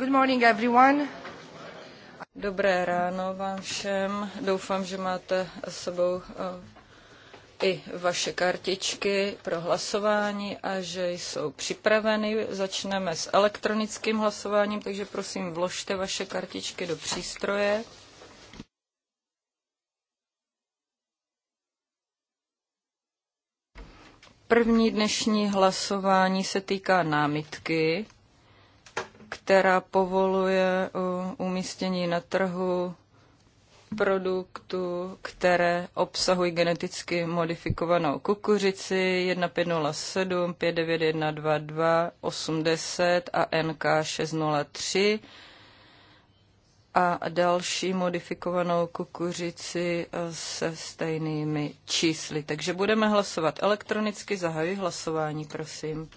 Good morning everyone. Dobré ráno vám všem. Doufám, že máte s sebou eh, i vaše kartičky pro hlasování a že jsou připraveny. Začneme s elektronickým hlasováním, takže prosím vložte vaše kartičky do přístroje. První dnešní hlasování se týká námitky která povoluje uh, umístění na trhu produktu, které obsahují geneticky modifikovanou kukuřici 1507, 59122, a NK603 a další modifikovanou kukuřici uh, se stejnými čísly. Takže budeme hlasovat elektronicky. Zahajuji hlasování, prosím.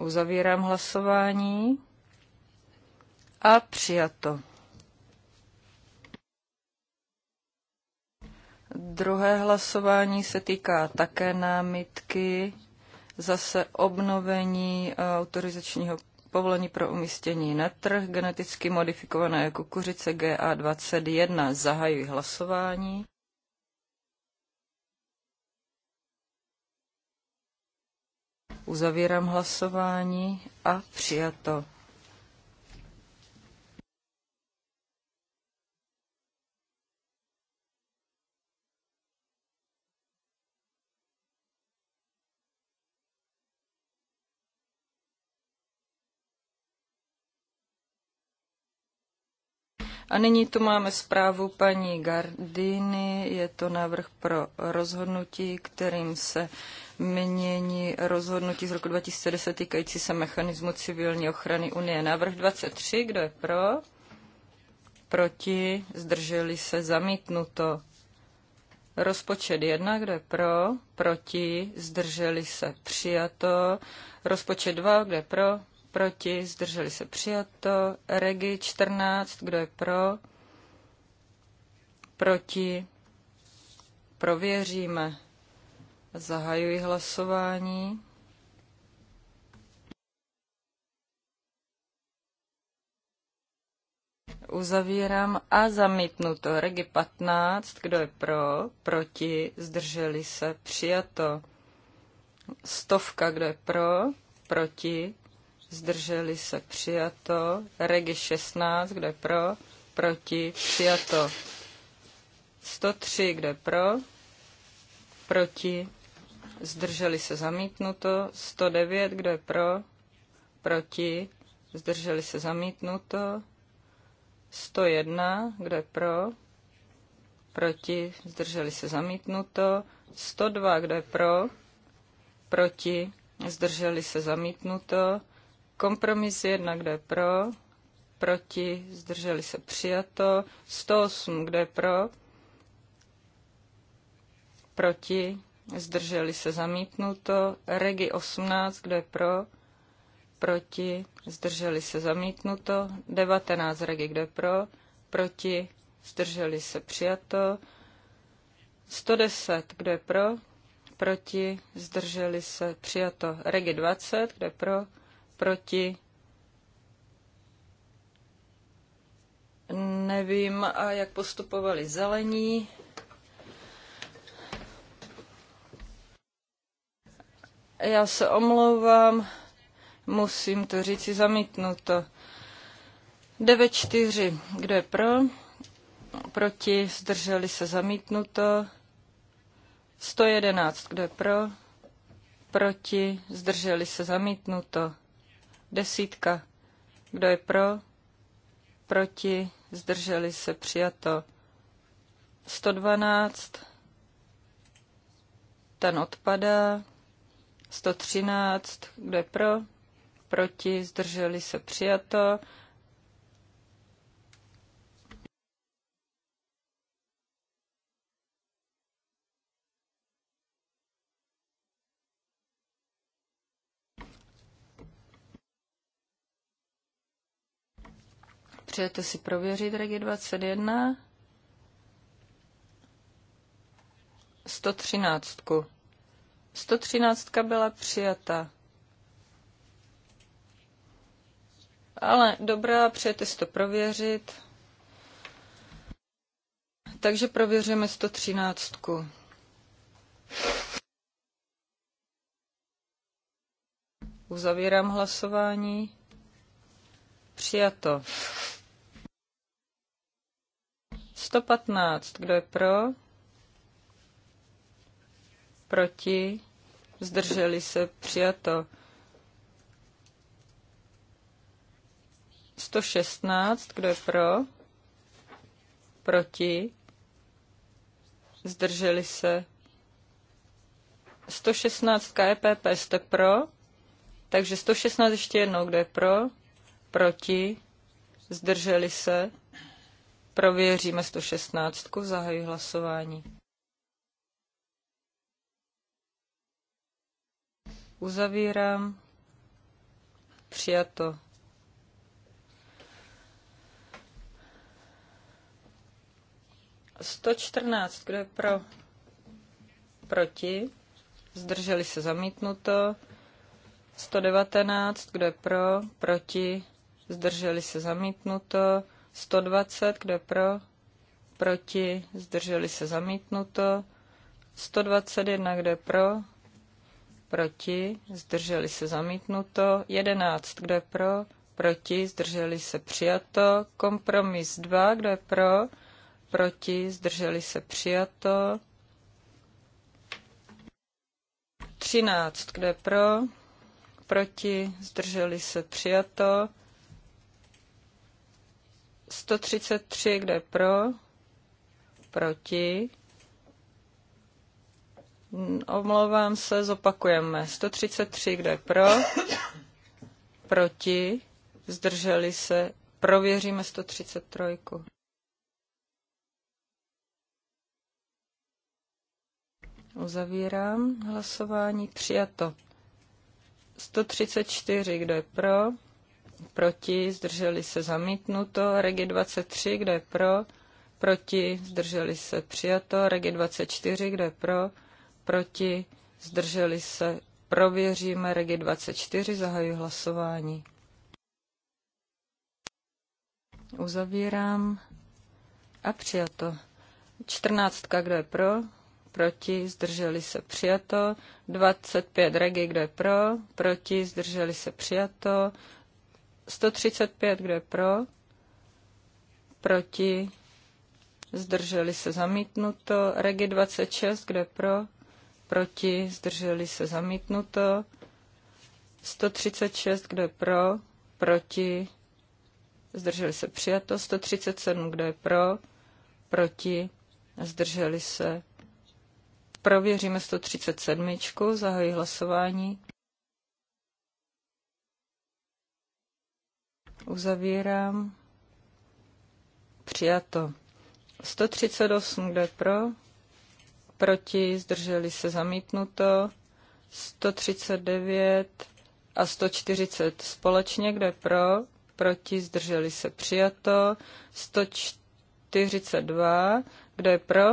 Uzavírám hlasování a přijato. Druhé hlasování se týká také námitky, zase obnovení eh, autorizačního povolení pro umístění na trh geneticky modifikované kukuřice GA21. Zahajuji hlasování. Uzavírám hlasování a přijato. A nyní tu máme zprávu paní Gardiny. Je to návrh pro rozhodnutí, kterým se mění rozhodnutí z roku 2010 týkající se mechanismu civilní ochrany Unie. Návrh 23, kdo je pro? Proti? Zdrželi se? Zamítnuto. Rozpočet 1, kdo je pro? Proti? Zdrželi se? Přijato. Rozpočet 2, kdo je pro? Proti? Zdrželi se? Přijato. Regi 14, kdo je pro? Proti? Prověříme. Zahajuji hlasování. Uzavírám a zamítnuto. Regi 15, kdo je pro, proti, zdrželi se, přijato. Stovka, kdo je pro, proti, zdrželi se, přijato. Regi 16, kdo je pro, proti, přijato. 103, kdo je pro, proti, zdrželi se zamítnuto, 109, kdo je pro, proti, zdrželi se zamítnuto, 101, kdo je pro, proti, zdrželi se zamítnuto, 102, kdo je pro, proti, zdrželi se zamítnuto, kompromis 1, kdo je pro, proti, zdrželi se přijato, 108, kdo je pro, proti, zdrželi se zamítnuto, Regi 18, kdo je pro, proti, zdrželi se zamítnuto, 19 Regi, kdo je pro, proti, zdrželi se přijato, 110, kdo je pro, proti, zdrželi se přijato, Regi 20, kdo je pro, proti, nevím, a jak postupovali zelení, Já se omlouvám, musím to říci zamítnuto. 9-4, kdo je pro? Proti, zdrželi se zamítnuto. 111, kdo je pro? Proti, zdrželi se zamítnuto. Desítka, kdo je pro? Proti, zdrželi se přijato. 112, ten odpadá. 113, kdo je pro? Proti, zdrželi se přijato. Přejete si prověřit Regi 21? 113. 113 byla přijata. Ale dobrá, přejete si to prověřit. Takže prověříme 113. Uzavírám hlasování. Přijato. 115. Kdo je pro? proti, zdrželi se, přijato. 116, kdo je pro, proti, zdrželi se. 116 KEPP jste pro, takže 116 ještě jednou, kdo je pro, proti, zdrželi se. Prověříme 116, zahajuji hlasování. Uzavírám. Přijato. Sto čtrnáct, kdo je pro? Proti. Zdrželi se zamítnuto. 119, kdo je pro? Proti. Zdrželi se zamítnuto. 120, kdo je pro? Proti. Zdrželi se zamítnuto. 121, kdo je pro? proti, zdrželi se zamítnuto, 11, kdo je pro, proti, zdrželi se přijato, kompromis 2, kdo je pro, proti, zdrželi se přijato, 13, kdo je pro, proti, zdrželi se přijato, 133, kdo je pro, proti, Omlouvám se, zopakujeme. 133, kdo je pro? Proti? Zdrželi se? Prověříme 133. Uzavírám hlasování. Přijato. 134, kdo je pro? Proti? Zdrželi se? Zamítnuto. Regi 23, kdo je pro? Proti? Zdrželi se? Přijato. Regi 24, kdo je pro? proti, zdrželi se, prověříme Regi 24, zahajuji hlasování. Uzavírám a přijato. 14, kdo je pro, proti, zdrželi se, přijato. 25, Regi, kdo je pro, proti, zdrželi se, přijato. 135, kdo je pro, proti, zdrželi se zamítnuto, Regi 26, kdo je pro, proti, zdrželi se zamítnuto. 136, kdo je pro, proti, zdrželi se přijato. 137, kdo je pro, proti, zdrželi se. Prověříme 137, zahají hlasování. Uzavírám. Přijato. 138, kdo je pro, proti, zdrželi se zamítnuto, 139 a 140 společně, kde pro, proti, zdrželi se přijato, 142, kde pro,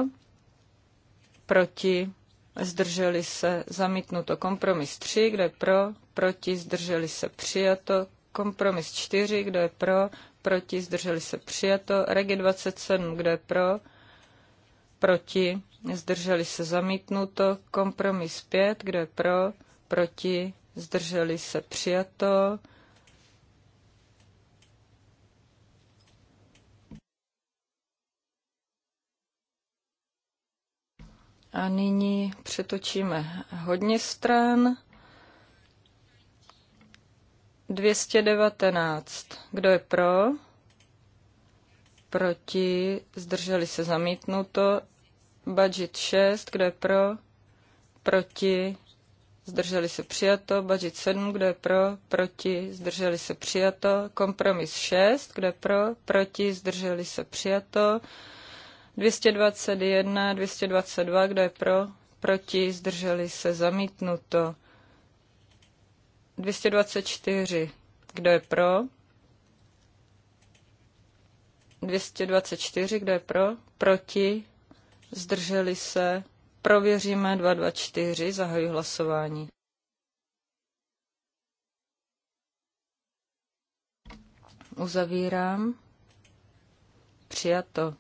proti, zdrželi se zamítnuto, kompromis 3, kde pro, proti, zdrželi se přijato, kompromis 4, Kde je pro, proti, zdrželi se přijato, Regi 27, kde je pro, proti, zdrželi se zamítnuto, kompromis 5, kdo je pro, proti, zdrželi se přijato. A nyní přetočíme hodně stran. 219. Kdo je pro? Proti? Zdrželi se zamítnuto. Budget 6, kdo je pro? Proti? Zdrželi se přijato. Budget 7, kdo je pro? Proti? Zdrželi se přijato. Kompromis 6, kdo je pro? Proti? Zdrželi se přijato. 221, 222, kdo je pro? Proti? Zdrželi se zamítnuto. 224, kdo je pro? 224, kdo je pro? Proti? zdrželi se, prověříme 224, zahajuji hlasování. Uzavírám. Přijato.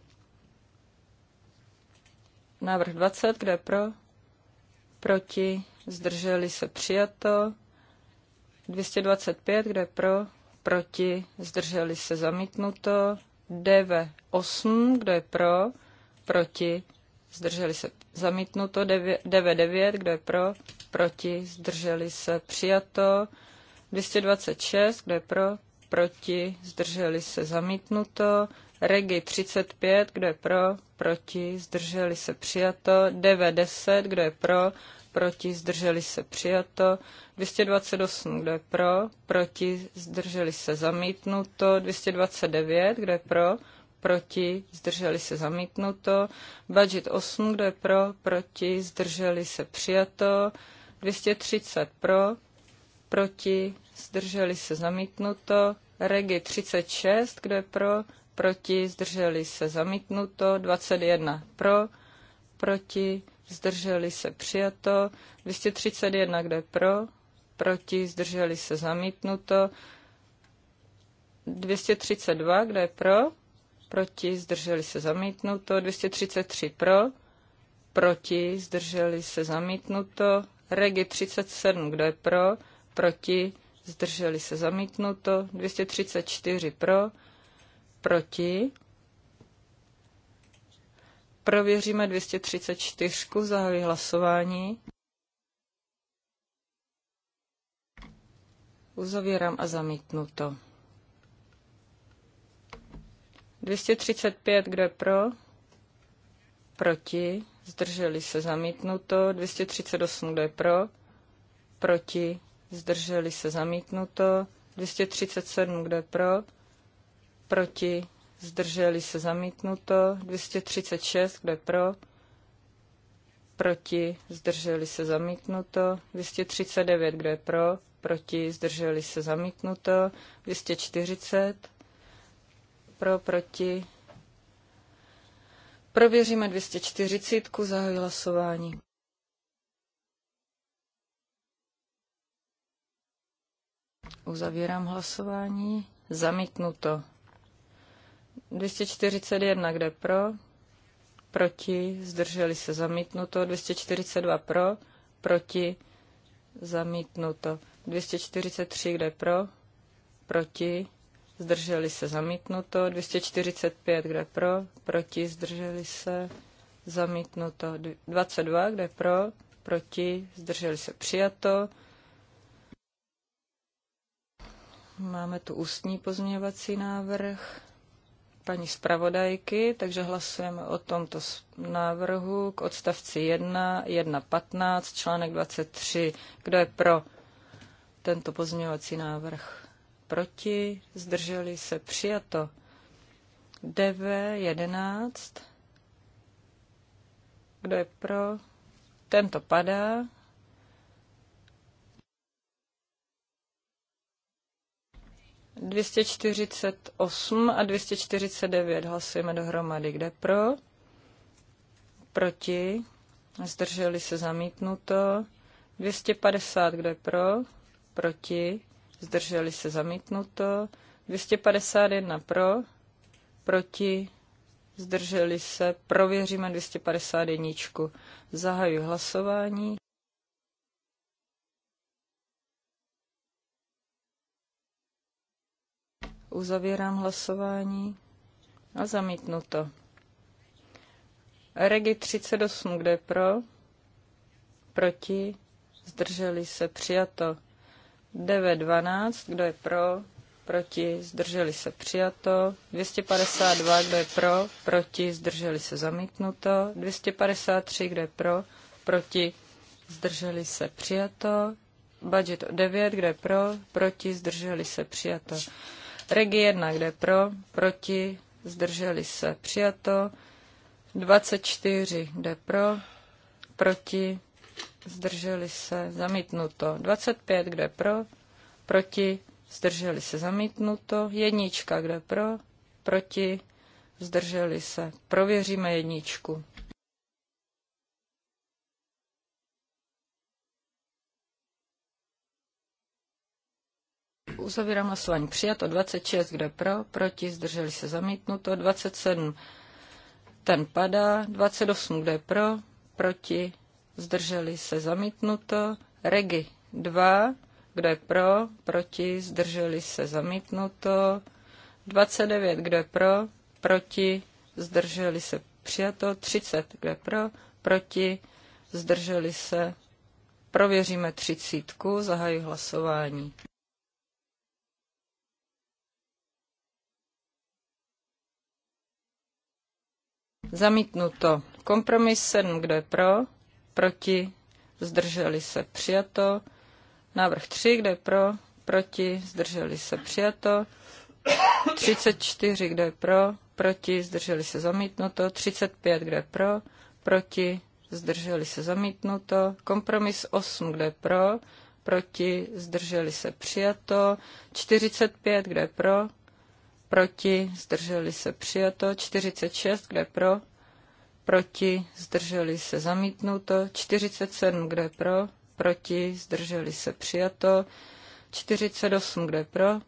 Návrh 20, kde pro? Proti, zdrželi se, přijato. 225, kde pro? Proti, zdrželi se, zamítnuto. DV 8, kdo je pro? Proti, zdrželi se zamítnuto, 99, kdo je pro, proti, zdrželi se přijato, 226, kdo je pro, proti, zdrželi se zamítnuto, Regi 35, kdo je pro, proti, zdrželi se přijato, 90, kdo je pro, proti, zdrželi se přijato, 228, kdo je pro, proti, zdrželi se zamítnuto, 229, kdo je pro, proti, zdrželi se zamítnuto, budget 8, kdo je pro, proti, zdrželi se přijato, 230 pro, proti, zdrželi se zamítnuto, regi 36, kdo je pro, proti, zdrželi se zamítnuto, 21 pro, proti, zdrželi se přijato, 231, kdo je pro, proti, zdrželi se zamítnuto, 232, kdo je pro, proti, zdrželi se zamítnuto, 233 pro, proti, zdrželi se zamítnuto, Regi 37, kdo je pro, proti, zdrželi se zamítnuto, 234 pro, proti, prověříme 234, zahajuji hlasování. Uzavírám a zamítnuto. 235, kdo je pro? Proti. Zdrželi se zamítnuto. 238, kdo je pro? Proti. Zdrželi se zamítnuto. 237, kdo je pro? Proti. Zdrželi se zamítnuto. 236, kdo je pro? Proti. Zdrželi se zamítnuto. 239, kdo je pro? Proti. Zdrželi se zamítnuto. 240 pro, proti. Prověříme 240, zahajuji hlasování. Uzavírám hlasování. Zamítnuto. 241, kde pro? Proti. Zdrželi se zamítnuto. 242 pro? Proti. Zamítnuto. 243, kde pro? Proti zdrželi se zamítnuto, 245, kde pro, proti, zdrželi se zamítnuto, 22, kde pro, proti, zdrželi se přijato. Máme tu ústní pozměňovací návrh paní zpravodajky, takže hlasujeme o tomto návrhu k odstavci 1, 1.15, článek 23. Kdo je pro tento pozměňovací návrh? proti, zdrželi se přijato. DV 11. Kdo je pro? Tento padá. Dvěstě čtyřicet osm a dvěstě čtyřicet devět hlasujeme dohromady. Kde pro? Proti. Zdrželi se zamítnuto. 250, padesát. Kde pro? Proti zdrželi se zamítnuto, 251 pro, proti, zdrželi se, prověříme 251. Zahajuji hlasování. Uzavírám hlasování a zamítnuto. Regi 38, kde pro? Proti? Zdrželi se, přijato. 912, kdo je pro, proti, zdrželi se přijato. 252, kdo je pro, proti, zdrželi se zamítnuto. 253, kdo je pro, proti, zdrželi se přijato. Budget 9, kdo je pro, proti, zdrželi se přijato. Regi 1, kdo je pro, proti, zdrželi se přijato. 24, kdo je pro, proti, zdrželi se, zamítnuto. 25, kdo je pro, proti, zdrželi se, zamítnuto. Jednička, kdo je pro, proti, zdrželi se. Prověříme jedničku. Uzavírám hlasování. Přijato 26, kde pro, proti, zdrželi se zamítnuto, 27 ten padá, 28, kde pro, proti, zdrželi se zamítnuto. Regi 2, kdo je pro, proti, zdrželi se zamítnuto. 29, kdo je pro, proti, zdrželi se přijato. 30, kdo je pro, proti, zdrželi se. Prověříme třicítku, zahajuji hlasování. Zamítnuto. Kompromis 7, kdo je pro? proti, zdrželi se přijato. Návrh 3, kde je pro, proti, zdrželi se přijato. 34, kde je pro, proti, zdrželi se zamítnuto. 35, kde je pro, proti, zdrželi se zamítnuto. Kompromis 8, kde je pro, proti, zdrželi se přijato. 45, kde je pro, proti, zdrželi se přijato. 46, kde je pro, proti, zdrželi se zamítnuto, 47, kde pro, proti, zdrželi se přijato, 48, kde pro,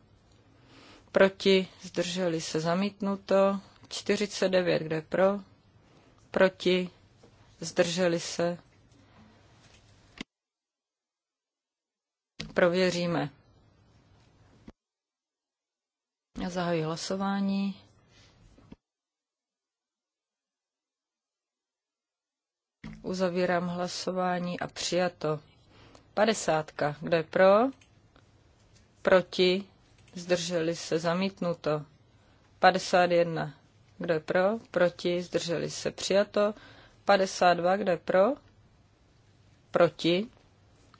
proti, zdrželi se zamítnuto, 49, kde pro, proti, zdrželi se. Prověříme. Zahajuji hlasování. Uzavírám hlasování a přijato. 50. Kdo je pro? Proti? Zdrželi se zamítnuto. 51. Kdo je pro? Proti? Zdrželi se přijato. 52. Kdo je pro? Proti?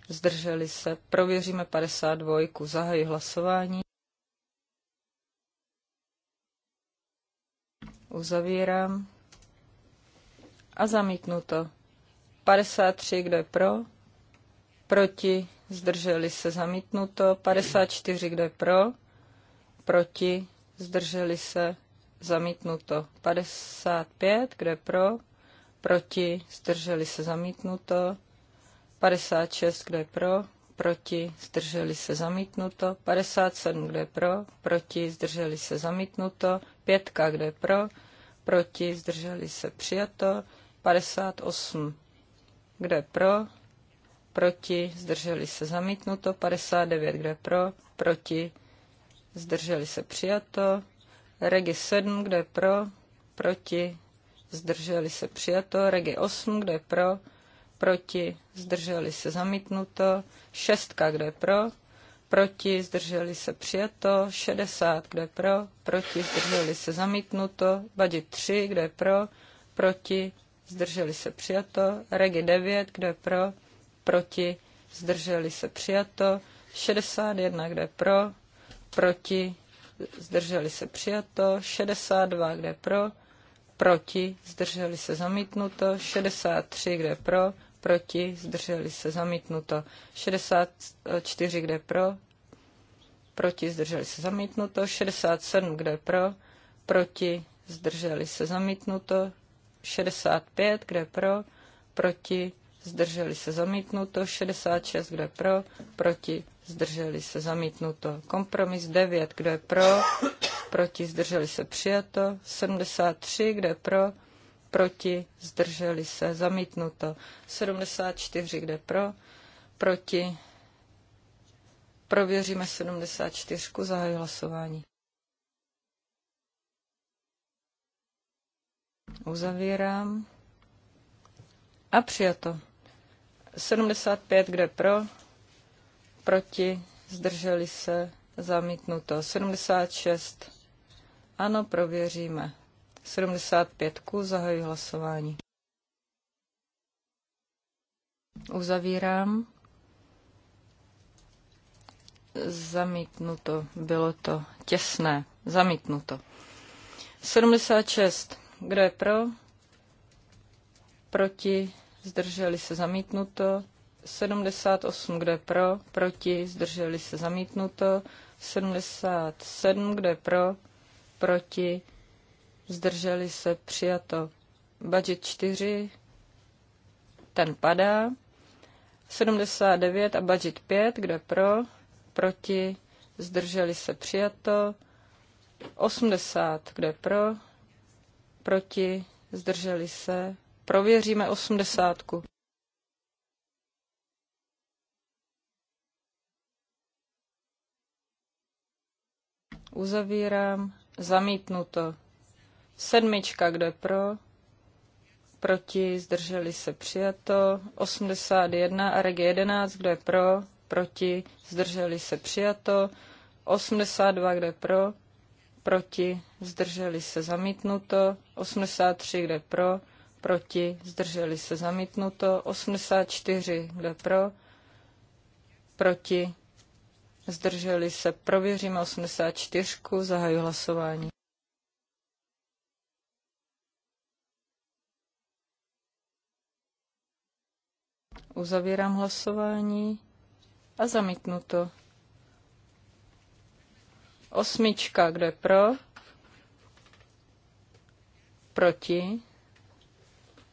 Zdrželi se. Prověříme 52. Zahají hlasování. Uzavírám. A zamítnuto. 53, kdo je pro? Proti? Zdrželi se zamítnuto. 54, kdo je pro? Proti? Zdrželi se zamítnuto. 55, kdo je pro? Proti? Zdrželi se zamítnuto. 56, kdo je pro? Proti? Zdrželi se zamítnuto. 57, kdo je pro? Proti? Zdrželi se zamítnuto. 5, kdo je pro? Proti? Zdrželi se přijato. 58 kdo je pro? Proti? Zdrželi se zamítnuto. 59. Kdo je pro? Proti? Zdrželi se přijato. Regi 7. Kdo je pro? Proti? Zdrželi se přijato. Regi 8. Kdo je pro? Proti? Zdrželi se zamítnuto. šestka Kdo je pro? proti, zdrželi se přijato, 60, je pro, proti, zdrželi se zamítnuto, badi 3, je pro, proti, zdrželi se přijato, Regi 9, kdo je pro, proti, zdrželi se přijato, 61, kdo je pro, proti, zdrželi se přijato, 62, kdo je pro, proti, zdrželi se zamítnuto, 63, kdo je pro, proti, zdrželi se zamítnuto, 64, kdo je pro, proti, zdrželi se zamítnuto, 67, kdo je pro, proti, zdrželi se zamítnuto, 65, kde pro, proti, zdrželi se zamítnuto, 66, kde pro, proti, zdrželi se zamítnuto. Kompromis 9, kde pro, proti, zdrželi se přijato, 73, kde pro, proti, zdrželi se zamítnuto, 74, kde pro, proti, prověříme 74, zahajuji hlasování. Uzavírám. A přijato. 75, kde pro, proti, zdrželi se, zamítnuto. 76, ano, prověříme. 75, ku zahajuji hlasování. Uzavírám. Zamítnuto, bylo to těsné, zamítnuto. 76, kdo je pro? Proti? Zdrželi se zamítnuto. 78, kdo je pro? Proti? Zdrželi se zamítnuto. 77, kdo je pro? Proti? Zdrželi se přijato. Budget 4, ten padá. 79 a budget 5, kdo je pro? Proti? Zdrželi se přijato. 80, kdo je pro? proti, zdrželi se. Prověříme osmdesátku. Uzavírám. Zamítnuto. Sedmička, kdo je pro? Proti, zdrželi se přijato. 81 a reg 11, kdo je pro? Proti, zdrželi se přijato. 82, kdo je pro? proti, zdrželi se zamítnuto, 83, kde pro, proti, zdrželi se zamítnuto, 84, kde pro, proti, zdrželi se, prověříme 84, zahaju hlasování. Uzavírám hlasování a zamítnuto. Osmička, kdo je pro? Proti?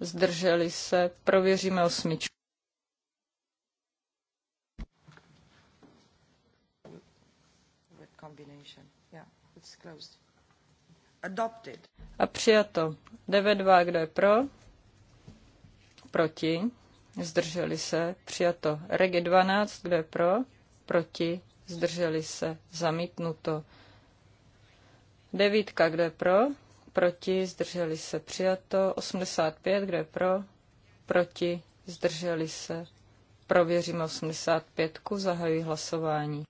Zdrželi se? Prověříme osmičku. A přijato. 9-2, kdo je pro? Proti? Zdrželi se. Přijato. Regi 12, kdo je pro? Proti? zdrželi se, zamítnuto. Devítka, kdo je pro, proti, zdrželi se, přijato. 85, kdo je pro, proti, zdrželi se. Prověříme 85, zahajuji hlasování.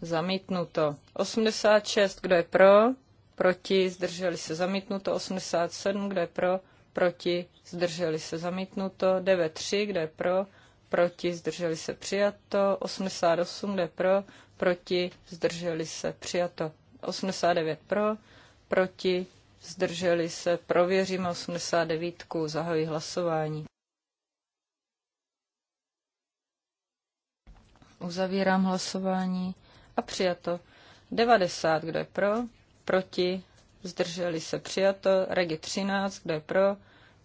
Zamítnuto. 86, kdo je pro? Proti, zdrželi se. Zamítnuto. 87, kdo je pro? proti, zdrželi se zamítnuto, 9.3, kde je pro, proti, zdrželi se přijato, 88, kde je pro, proti, zdrželi se přijato, 89 pro, proti, zdrželi se, prověříme 89, zahoji hlasování. Uzavírám hlasování a přijato 90, kdo je pro, proti, zdrželi se přijato, regi 13, kde je pro,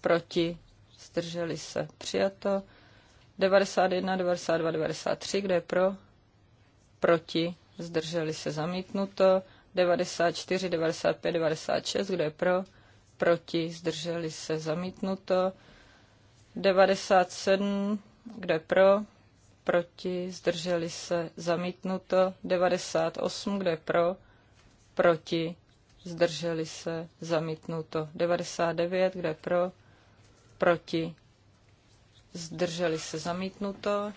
proti, zdrželi se přijato, 91, 92, 93, kde je pro, proti, zdrželi se zamítnuto, 94, 95, 96, kde je pro, proti, zdrželi se zamítnuto, 97, kde je pro, proti, zdrželi se zamítnuto, 98, kde je pro, proti, zdrželi se, zamítnuto. 99, kde pro, proti, zdrželi se, zamítnuto.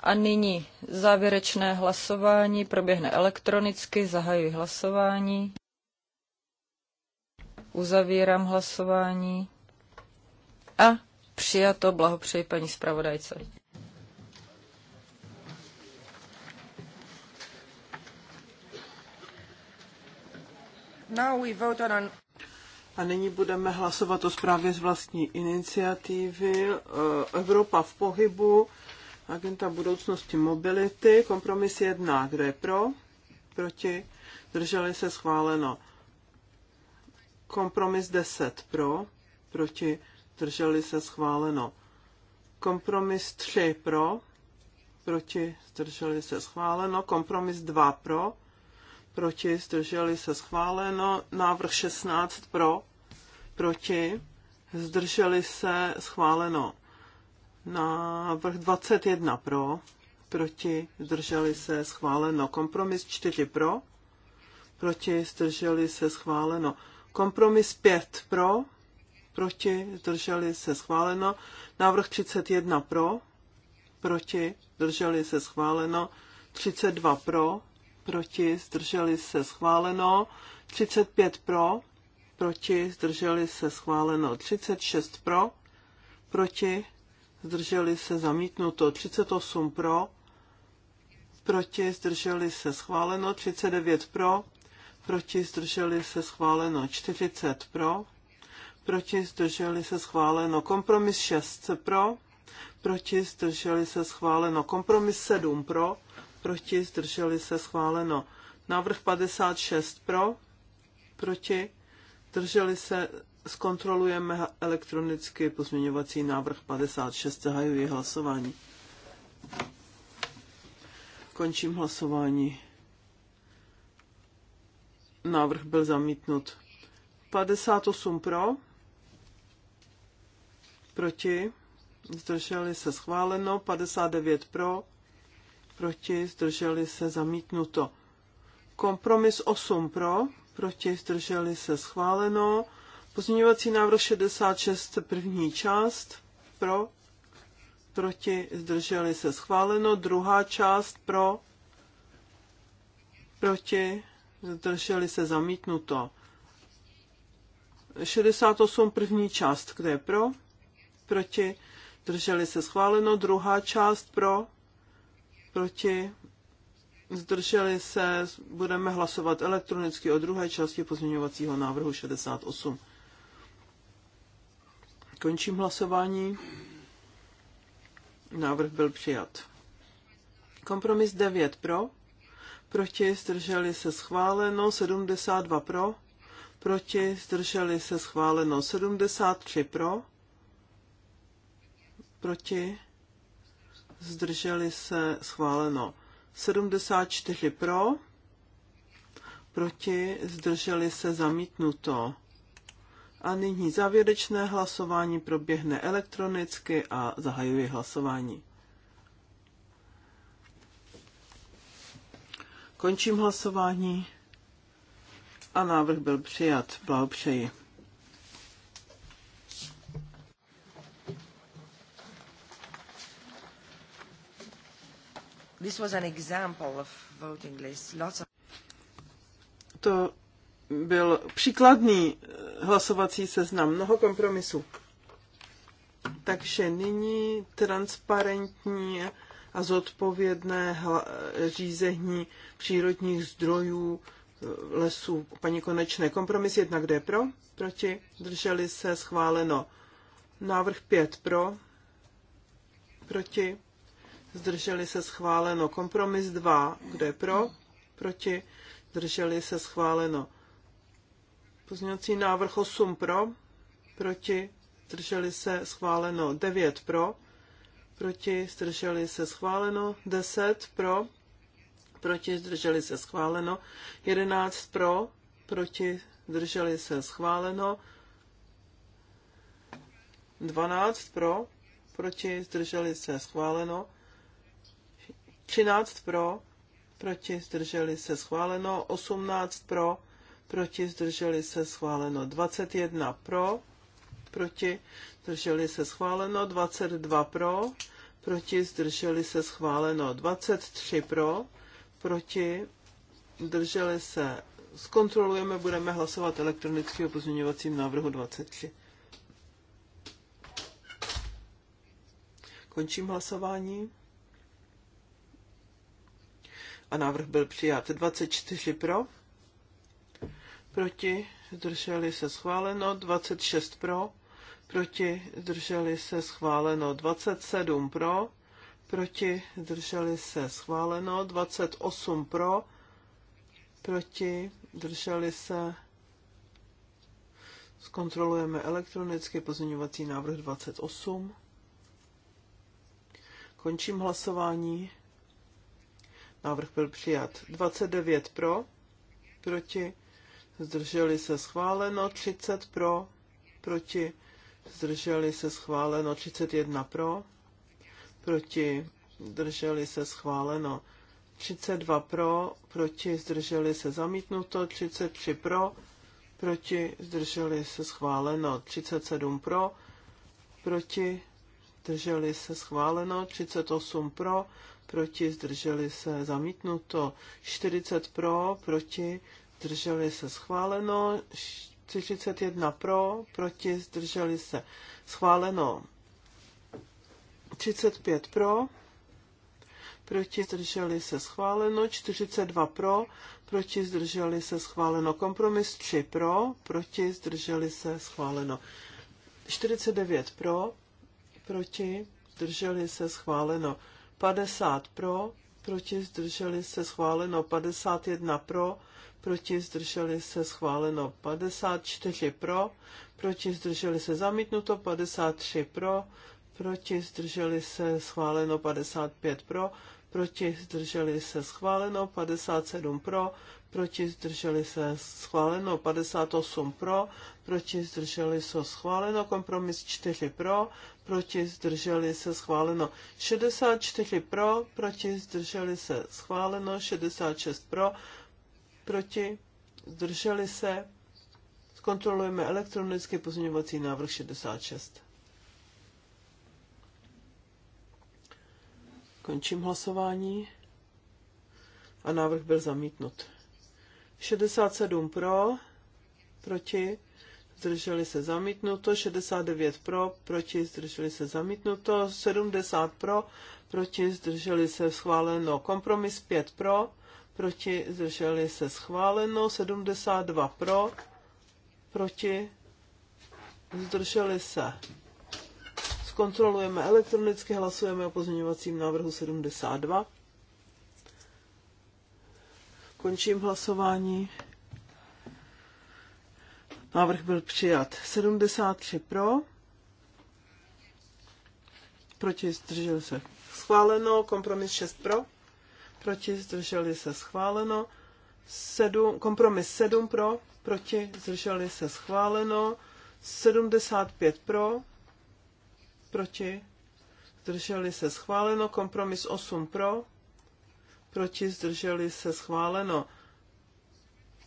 A nyní závěrečné hlasování proběhne elektronicky, zahajuji hlasování, uzavírám hlasování a přijato, blahopřeji paní zpravodajce. A nyní budeme hlasovat o zprávě z vlastní iniciativy eh, Evropa v pohybu, agenta budoucnosti mobility, kompromis jedná, kdo je pro, proti, drželi se schváleno. Kompromis 10 pro, proti, drželi se schváleno. Kompromis 3 pro, proti, drželi se schváleno. Kompromis 2 pro, proti, zdrželi se schváleno, návrh 16 pro, proti, zdrželi se schváleno, návrh 21 pro, proti, zdrželi se schváleno, kompromis 4 pro, proti, zdrželi se schváleno, kompromis 5 pro, proti, zdrželi se schváleno, návrh 31 pro, proti, zdrželi se schváleno, 32 pro, proti, zdrželi se schváleno, 35 pro, proti, zdrželi se schváleno, 36 pro, proti, zdrželi se zamítnuto, 38 pro, proti, zdrželi se schváleno, 39 pro, proti, zdrželi se schváleno, 40 pro, proti, zdrželi se schváleno, kompromis 6 pro, proti, zdrželi se schváleno, kompromis 7 pro, proti, zdrželi se, schváleno. Návrh 56 pro, proti, zdrželi se, zkontrolujeme elektronicky pozměňovací návrh 56, zahajuji hlasování. Končím hlasování. Návrh byl zamítnut. 58 pro, proti, zdrželi se schváleno, 59 pro, proti, zdrželi se, zamítnuto. Kompromis 8 pro, proti, zdrželi se, schváleno. Pozměňovací návrh 66, první část, pro, proti, zdrželi se, schváleno. Druhá část, pro, proti, zdrželi se, zamítnuto. 68, první část, kde je pro, proti, zdrželi se, schváleno. Druhá část, pro, proti, zdrželi se, budeme hlasovat elektronicky o druhé části pozměňovacího návrhu 68. Končím hlasování. Návrh byl přijat. Kompromis 9 pro, proti, zdrželi se schváleno, 72 pro, proti, zdrželi se schváleno, 73 pro, proti, zdrželi se, schváleno. 74 pro, proti, zdrželi se, zamítnuto. A nyní závěrečné hlasování proběhne elektronicky a zahajuji hlasování. Končím hlasování a návrh byl přijat. Blahopřeji. This was an example of voting lists. Lots of... To byl příkladný eh, hlasovací seznam, mnoho kompromisů. Takže nyní transparentní a zodpovědné řízení přírodních zdrojů eh, lesů. Paní Konečné, kompromis jedna, kde je pro? Proti? Drželi se, schváleno. Návrh pět pro? Proti? zdrželi se schváleno. Kompromis 2, kdo je pro, proti, zdrželi se schváleno. Pozměňovací návrh 8 pro, proti, zdrželi se schváleno. 9 pro, proti, zdrželi se schváleno. 10 pro, proti, zdrželi se schváleno. 11 pro, proti, zdrželi se schváleno. 12 pro, proti, zdrželi se schváleno. 13 pro, proti zdrželi se schváleno, 18 pro, proti zdrželi se schváleno, 21 pro, proti zdrželi se schváleno, 22 pro, proti zdrželi se schváleno, 23 pro, proti zdrželi se zkontrolujeme, budeme hlasovat elektronicky o pozměňovacím návrhu 23. Končím hlasování a návrh byl přijat. 24 pro, proti, zdrželi se schváleno, 26 pro, proti, zdrželi se schváleno, 27 pro, proti, zdrželi se schváleno, 28 pro, proti, zdrželi se, zkontrolujeme elektronicky pozměňovací návrh 28. Končím hlasování. Návrh byl přijat. 29 pro, proti, zdrželi se schváleno. 30 pro, proti, zdrželi se schváleno. 31 pro, proti, zdrželi se schváleno. 32 pro, proti, zdrželi se zamítnuto. 33 pro, proti, zdrželi se schváleno. 37 pro, proti, zdrželi se schváleno, 38 pro, proti, zdrželi se zamítnuto, 40 pro, proti, zdrželi se schváleno, 31 pro, proti, zdrželi se schváleno, 35 pro, proti, zdrželi se schváleno, 42 pro, proti, zdrželi se schváleno, kompromis 3 pro, proti, zdrželi se schváleno, 49 pro, proti, zdrželi se schváleno 50 pro, proti zdrželi se schváleno 51 pro, proti zdrželi se schváleno 54 pro, proti zdrželi se zamítnuto 53 pro, proti zdrželi se schváleno 55 pro, proti zdrželi se schváleno, 57 pro, proti zdrželi se schváleno, 58 pro, proti zdrželi se schváleno, kompromis 4 pro, proti zdrželi se schváleno, 64 pro, proti zdrželi se schváleno, 66 pro, proti zdrželi se, zkontrolujeme elektronický pozměňovací návrh 66. Končím hlasování. A návrh byl zamítnut. 67 pro, proti, zdrželi se zamítnuto, 69 pro, proti, zdrželi se zamítnuto, 70 pro, proti, zdrželi se schváleno, kompromis 5 pro, proti, zdrželi se schváleno, 72 pro, proti, zdrželi se Kontrolujeme elektronicky, hlasujeme o pozměňovacím návrhu 72. Končím hlasování. Návrh byl přijat. 73 pro. Proti zdržel se schváleno. Kompromis 6 pro. Proti zdrželi se schváleno. 7, kompromis 7 pro. Proti zdrželi se schváleno. 75 pro proti, zdrželi se schváleno, kompromis 8 pro, proti, zdrželi se schváleno.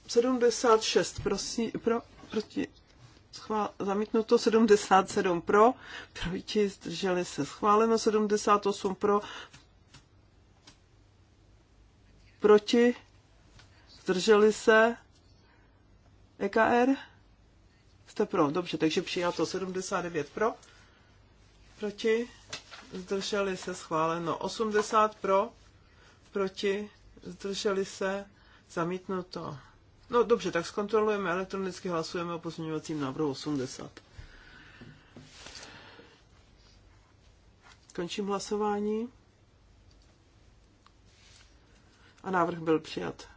76 prosí, pro, proti, schvál, zamítnuto 77 pro, proti, zdrželi se schváleno, 78 pro, proti, zdrželi se, EKR, jste pro, dobře, takže přijato 79 pro proti, zdrželi se schváleno 80 pro, proti, zdrželi se zamítnuto. No dobře, tak zkontrolujeme elektronicky, hlasujeme o pozměňovacím návrhu 80. Končím hlasování. A návrh byl přijat.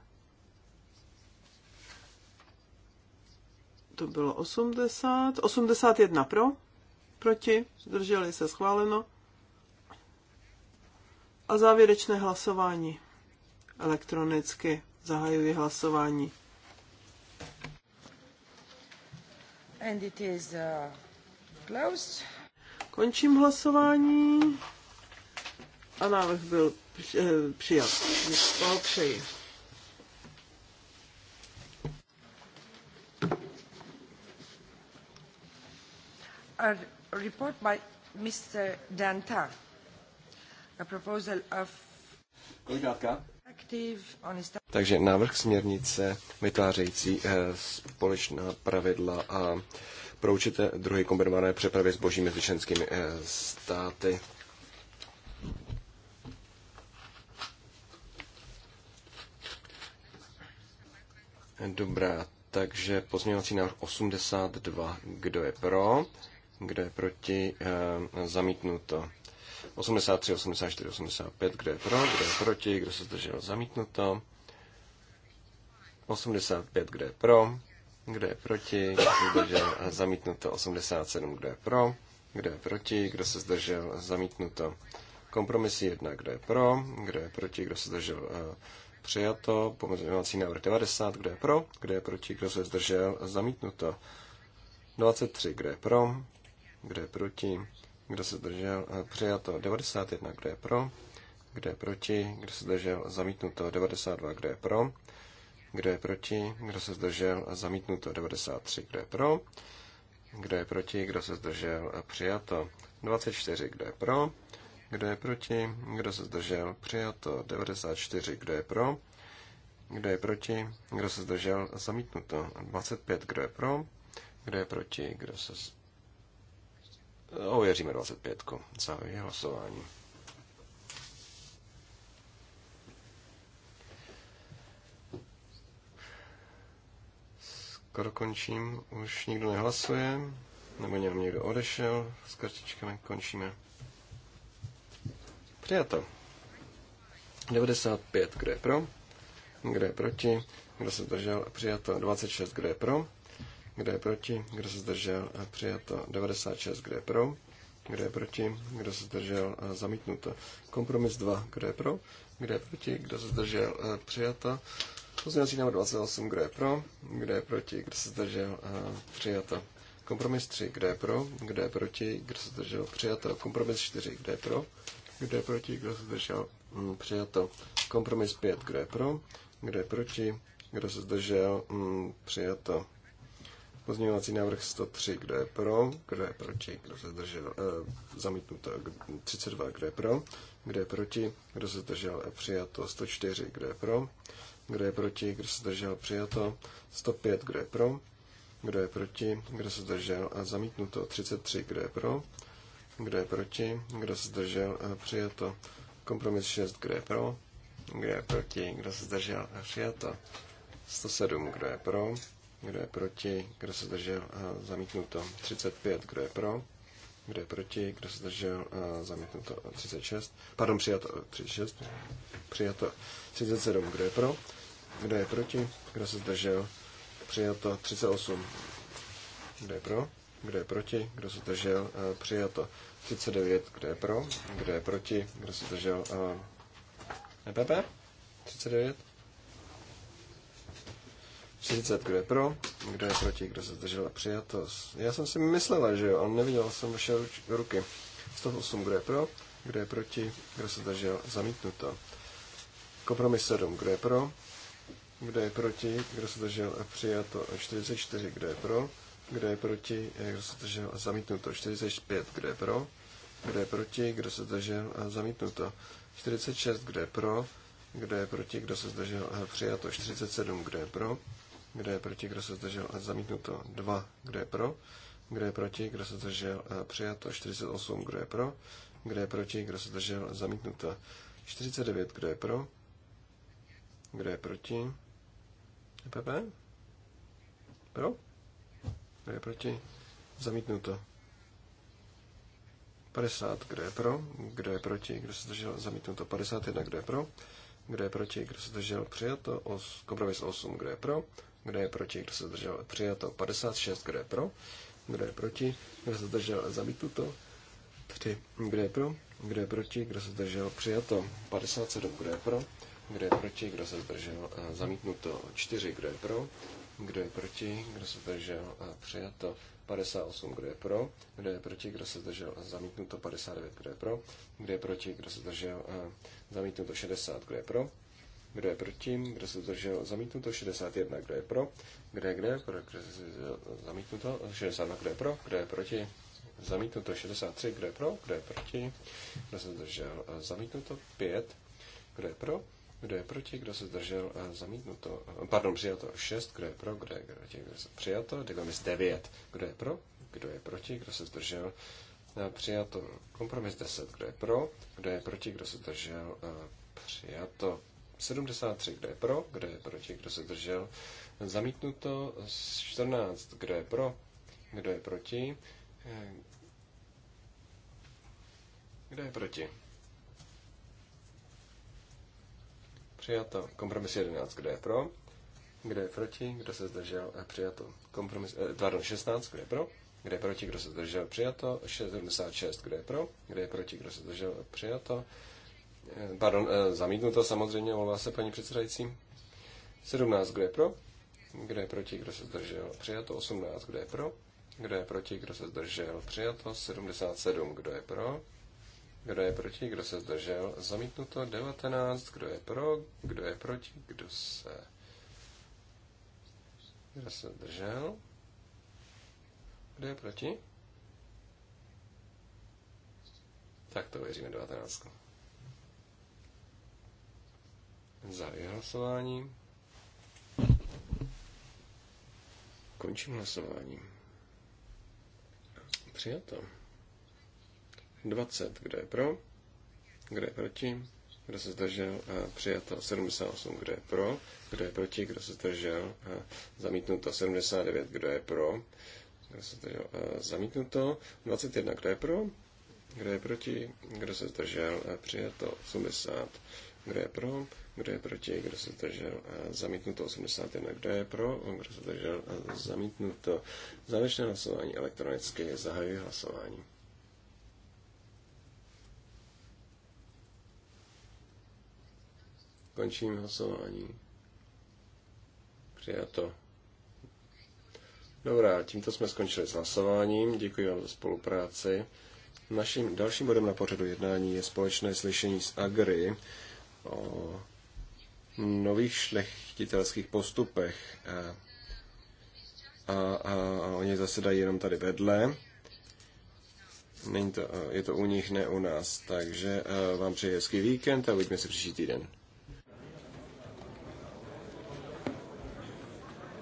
To bylo 80. 81 pro proti, zdrželi se schváleno. A závěrečné hlasování elektronicky. Zahajuji hlasování. And it is, uh, Končím hlasování a návrh byl eh, přijat. Přeji. Are report by Mr. a proposal of takže návrh směrnice vytvářející eh, společná pravidla a pro určité druhy kombinované přepravy zboží mezi členskými eh, státy. Dobrá, takže pozměňovací návrh 82. Kdo je pro? kde je proti? Zamítnuto. 83, 84, 85. kde je pro? kde je proti? Kdo se zdržel? Zamítnuto. 85. kde je pro? kde je proti? Kdo se zdržel? Zamítnuto. 87. kde je pro? kde je proti? Kdo se zdržel? Zamítnuto. Kompromisy 1. Kdo je pro? Kdo je proti? Kdo se zdržel? Přijato. Pozměňovací návrh 90. Kdo je pro? Kdo je proti? Kdo se zdržel? Zamítnuto. 23. kde je pro? kdo je proti, kdo se zdržel, přijato 91, kdo je pro, kdo je proti, kdo se zdržel, zamítnuto 92, kdo je pro, kdo je proti, kdo se zdržel, zamítnuto 93, kdo je pro, kdo je proti, kdo se zdržel, přijato 24, kdo je pro, kdo je proti, kdo se zdržel, přijato 94, kdo je pro, kdo je proti, kdo se zdržel, zamítnuto 25, kdo je pro, kdo je proti, kdo se Ověříme 25. Zahajuji hlasování. Skoro končím. Už nikdo nehlasuje. Nebo nám někdo odešel. S kartičkami končíme. Přijato. 95. Kdo je pro? Kdo je proti? Kdo se držel? Přijato. 26. Kdo je pro? Kdo je proti? Kdo se zdržel? Přijato 96. Kdo je pro? Kdo je proti? Kdo se zdržel? Zamítnuto. Kompromis 2. Kdo je pro? Kdo je proti? Kdo se zdržel? Přijato. Pozměnací návrh 28. Kdo je pro? Kdo je proti? Kdo se zdržel? Přijato. Kompromis 3. Kdo je pro? Kdo je proti? Kdo se zdržel? Přijato. Kompromis 4. Kdo je pro? Kdo je proti? Kdo se zdržel? Přijato. Kompromis 5. Kdo je pro? Kdo je proti? Kdo se zdržel? Přijato. Pozměňovací návrh 103, kdo je pro, kdo je proti, kdo se zdržel, eh, zamítnuto 32, kdo je pro, kdo je proti, kdo se zdržel, přijato 104, kdo je pro, kdo je proti, kdo se zdržel, přijato 105, kdo je pro, kdo je proti, kdo se zdržel a zamítnuto 33, kdo je pro, kdo je proti, kdo se zdržel přijato kompromis 6, kdo je pro, kdo je proti, kdo se zdržel přijato 107, kdo je pro, kdo je proti? Kdo se zdržel? Eh, zamítnuto. 35. Kdo je pro? Kdo je proti? Kdo se zdržel? Eh, zamítnuto. 36. Pardon, přijato. 36. Eh, přijato. 37. Kdo je pro? Kdo je proti? Kdo se zdržel? Přijato. 38. Kdo je pro? Kdo je proti? Kdo se zdržel? Přijato. 39. Kdo je pro? Kdo je proti? Kdo se zdržel? EPP? E 39. 40 kdo je pro, kdo je proti, kdo se zdržel a přijato. Já jsem si myslela, že jo, ale neviděl jsem vaše ruky. 108, kdo je pro, kdo je proti, kdo se zdržel, zamítnuto. Kompromis 7, kdo je pro, kdo je proti, kdo se zdržel a přijato. 44, kdo je pro, kdo je proti, kdo se zdržel a zamítnuto. 45, kdo je pro, kdo je proti, kdo se zdržel a zamítnuto. 46, kdo je pro, kdo je proti, kdo se zdržel a přijato. 47, kdo je pro, kdo je proti, kdo se zdržel? Zamítnuto. 2. Kdo je pro? Kdo je proti, kdo se zdržel? Přijato. 48. Kdo je pro? Kdo je proti, kdo se zdržel? Zamítnuto. 49. Kdo je pro? Kdo je proti? PP? Pro? Kdo je proti? Zamítnuto. 50, kdo je pro, kdo je proti, kdo se zdržel, zamítnuto 51, kdo je pro, kdo je proti, kdo se zdržel, přijato, os, kompromis 8, kdo je pro, kdo je proti, kdo se zdržel, přijato 56, kdo je pro, kdo je proti, kdo se zdržel, zamítnuto 3, kdo je pro, kdo je proti, kdo se zdržel, přijato 57, kdo je pro, kdo je proti, kdo se zdržel, zamítnuto 4, kdo je pro, kdo je proti, kdo se zdržel, přijato 58, kdo je pro, kdo je proti, kdo se zdržel, zamítnuto 59, kdo je pro, kdo je proti, kdo se zdržel, zamítnuto 60, kdo je pro, kdo je proti? Kdo se zdržel? Zamítnuto 61. Kdo je pro? Kdo je kde? Pro, kdo se zamítnuto 62. Kdo je pro? Kdo je proti? Zamítnuto 63. Kdo je pro? Kdo je proti? Kdo se zdržel? Zamítnuto 5. Kdo je pro? Kdo je proti? Kdo se zdržel? Zamítnuto. Pardon, přijato 6. Kdo je pro? Kdo je proti? Kdo se přijato? Kompromis 9. Kdo je pro? Kdo je proti? Kdo se zdržel? Přijato. Kompromis 10. Kdo je pro? Kdo je proti? Kdo se zdržel? Přijato. 73, kdo je pro, kdo je proti, kdo se zdržel. Zamítnuto 14, kdo je pro, kdo je proti, kdo je proti. Přijato. Kompromis 11, kdo je pro, kdo je proti, kdo se zdržel. Přijato. Kompromis, eh, pardon, 16, kdo je pro, kdo je proti, kdo se zdržel. Přijato. 76, kdo je pro, kdo je proti, kdo se zdržel. Přijato. Pardon, eh, zamítnuto samozřejmě, volá se paní předsedající. 17, kdo je pro? Kdo je proti, kdo se zdržel? Přijato 18, kdo je pro? Kdo je proti, kdo se zdržel? Přijato 77, kdo je pro? Kdo je proti, kdo se zdržel? Zamítnuto 19, kdo je pro? Kdo je proti, kdo se... Kdo se zdržel? Kdo je proti? Tak to věříme 19. Zahajuji hlasování. Končím hlasování. Přijato. 20. Kdo je pro? Kdo je proti? Kdo se zdržel? Přijato. 78. Kdo je pro? Kdo je proti? Kdo se zdržel? Zamítnuto. 79. Kdo je pro? Kdo se zdržel? Zamítnuto. 21. Kdo je pro? Kdo je proti? Kdo se zdržel? Přijato. 80. Kdo je pro? Kdo je proti? Kdo se zdržel? Zamítnuto 81. Kdo je pro? Kdo se zdržel? Zamítnuto. Závěrečné hlasování elektronicky. zahajuje hlasování. Končím hlasování. Přijato. Dobrá, tímto jsme skončili s hlasováním. Děkuji vám za spolupráci. Naším dalším bodem na pořadu jednání je společné slyšení s Agri o nových šlechtitelských postupech. A, a, a oni zasedají jenom tady vedle. Není to, je to u nich, ne u nás. Takže vám přeji hezký víkend a uvidíme se příští týden.